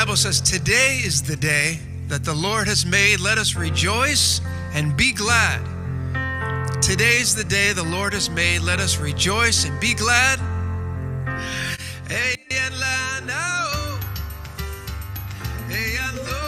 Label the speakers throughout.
Speaker 1: Bible says, Today is the day that the Lord has made. Let us rejoice and be glad. Today's the day the Lord has made. Let us rejoice and be glad. Hey, and now. Hey, and Lord.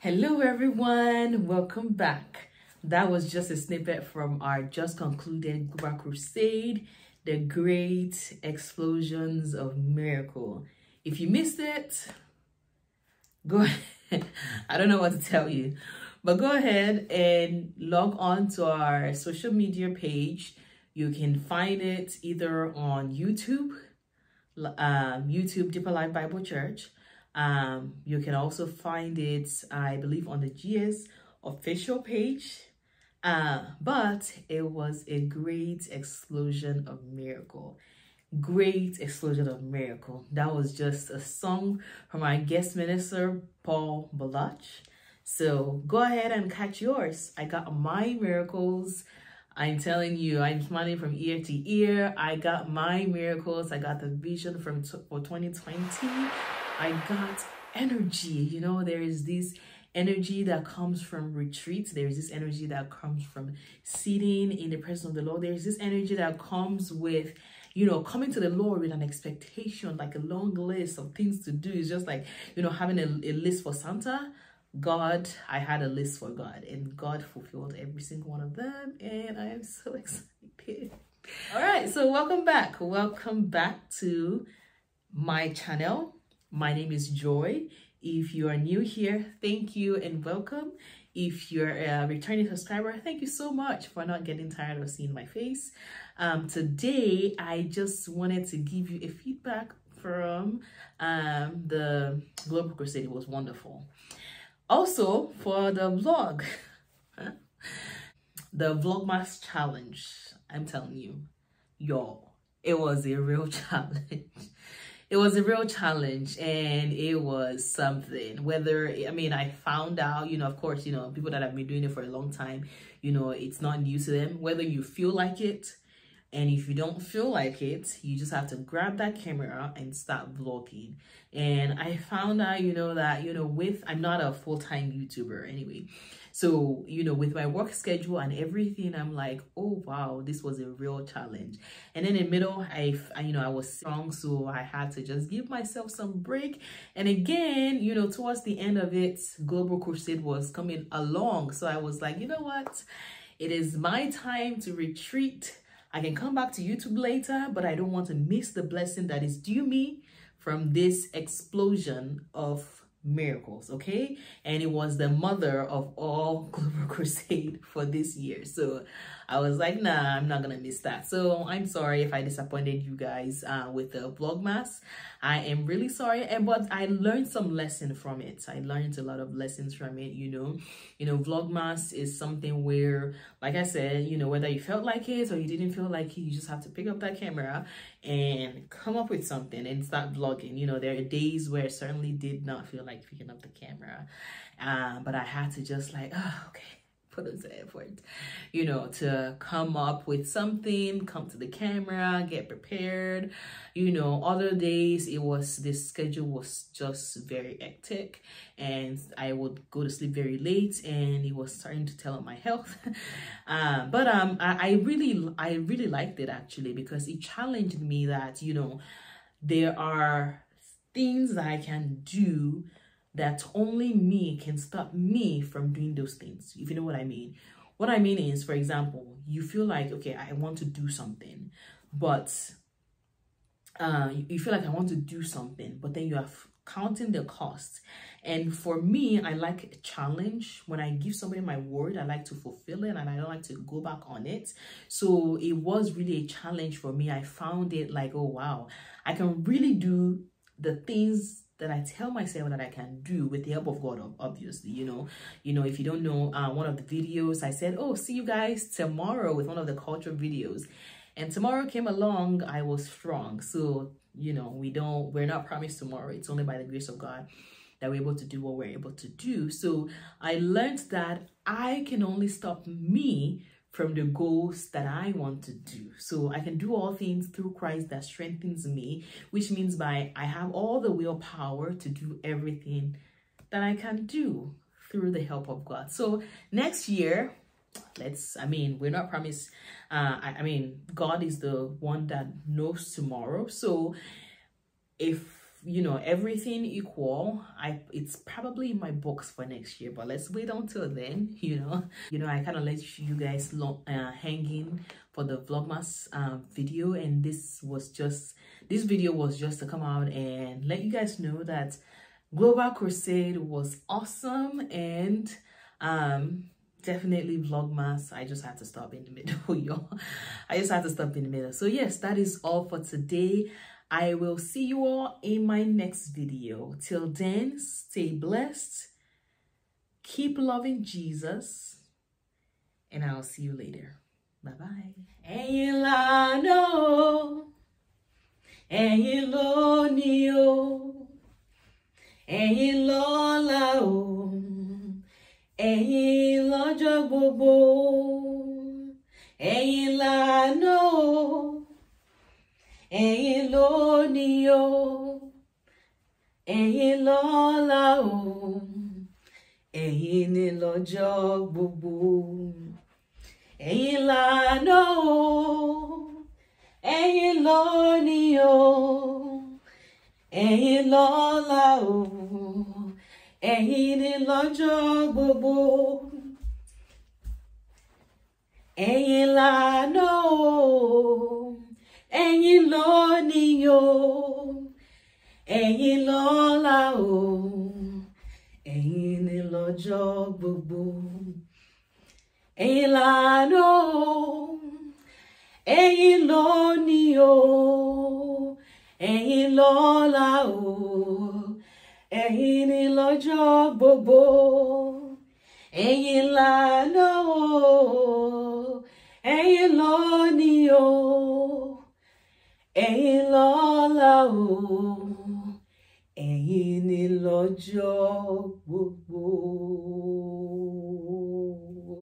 Speaker 2: Hello everyone, welcome back. That was just a snippet from our just concluded Global Crusade, The Great Explosions of Miracle. If you missed it, go ahead. I don't know what to tell you, but go ahead and log on to our social media page. You can find it either on YouTube, um, YouTube Deeper Life Bible Church, um, you can also find it, I believe, on the GS official page. Uh, but it was a great explosion of miracle. Great explosion of miracle. That was just a song from our guest minister, Paul Balach. So go ahead and catch yours. I got my miracles. I'm telling you, I'm smiling from ear to ear. I got my miracles. I got the vision from for 2020. I got energy. You know, there is this energy that comes from retreats. There is this energy that comes from sitting in the presence of the Lord. There is this energy that comes with, you know, coming to the Lord with an expectation, like a long list of things to do. It's just like, you know, having a, a list for Santa. God, I had a list for God, and God fulfilled every single one of them, and I am so excited. All right, so welcome back. Welcome back to my channel. My name is Joy. If you are new here, thank you and welcome. If you're a returning subscriber, thank you so much for not getting tired of seeing my face. Um, today, I just wanted to give you a feedback from um, the Global Crusade. It was wonderful. Also, for the vlog, the Vlogmas Challenge, I'm telling you, y'all, it was a real challenge it was a real challenge and it was something. Whether, I mean, I found out, you know, of course, you know, people that have been doing it for a long time, you know, it's not new to them. Whether you feel like it, and if you don't feel like it, you just have to grab that camera and start vlogging. And I found out, you know, that, you know, with, I'm not a full-time YouTuber anyway. So, you know, with my work schedule and everything, I'm like, oh, wow, this was a real challenge. And in the middle, I, you know, I was strong, so I had to just give myself some break. And again, you know, towards the end of it, Global Crusade was coming along. So I was like, you know what? It is my time to retreat I can come back to YouTube later, but I don't want to miss the blessing that is due me from this explosion of miracles, okay? And it was the mother of all Global Crusade for this year. So I was like, nah, I'm not gonna miss that. So I'm sorry if I disappointed you guys uh, with the Vlogmas. I am really sorry, and but I learned some lesson from it. I learned a lot of lessons from it, you know. You know, Vlogmas is something where, like I said, you know, whether you felt like it or you didn't feel like it, you just have to pick up that camera and come up with something and start vlogging. You know, there are days where I certainly did not feel like like picking up the camera. Um, but I had to just like, oh, okay, put in effort, you know, to come up with something, come to the camera, get prepared. You know, other days it was, this schedule was just very hectic and I would go to sleep very late and it was starting to tell on my health. um, but um, I, I really, I really liked it actually because it challenged me that, you know, there are things that I can do that only me can stop me from doing those things, if you know what I mean. What I mean is, for example, you feel like, okay, I want to do something, but uh, you feel like I want to do something, but then you are counting the cost. And for me, I like a challenge. When I give somebody my word, I like to fulfill it and I don't like to go back on it. So it was really a challenge for me. I found it like, oh, wow, I can really do the things that I tell myself that I can do with the help of God, obviously, you know. You know, if you don't know, uh, one of the videos, I said, oh, see you guys tomorrow with one of the culture videos. And tomorrow came along, I was strong. So, you know, we don't, we're not promised tomorrow. It's only by the grace of God that we're able to do what we're able to do. So I learned that I can only stop me from the goals that I want to do. So I can do all things through Christ that strengthens me, which means by I have all the willpower to do everything that I can do through the help of God. So next year, let's, I mean, we're not promised, uh, I, I mean, God is the one that knows tomorrow. So if you know everything equal i it's probably in my books for next year but let's wait until then you know you know i kind of let you guys long, uh, hanging for the vlogmas um, video and this was just this video was just to come out and let you guys know that global crusade was awesome and um definitely vlogmas i just had to stop in the middle y'all i just had to stop in the middle so yes that is all for today I will see you all in my next video. Till then, stay blessed, keep loving Jesus, and I'll see you later. Bye-bye. Ẹ̀yin lànà o,
Speaker 3: ẹ̀yin lónìí o, ni o ẹ̀yin lọ́lá o ẹ̀yin ni lọ́jọ́ gbogbo ẹ̀yin lànà o ẹ̀yin lónìí o ẹ̀yin lọ́lá o ẹ̀yin ni lọ́jọ́ gbogbo ẹ̀yin lànà o ẹ̀yin lónìí o ẹ̀yin lọ́la o ẹ̀yin ni lọ́jọ́ gbogbo ẹ̀yin lànà o ẹ̀yin lónìí o ẹ̀yin lọ́la o ẹ̀yin ni lọ́jọ́ gbogbo ẹ̀yin lànà. ẹ̀yin ni lọ́jọ́ gbogbo.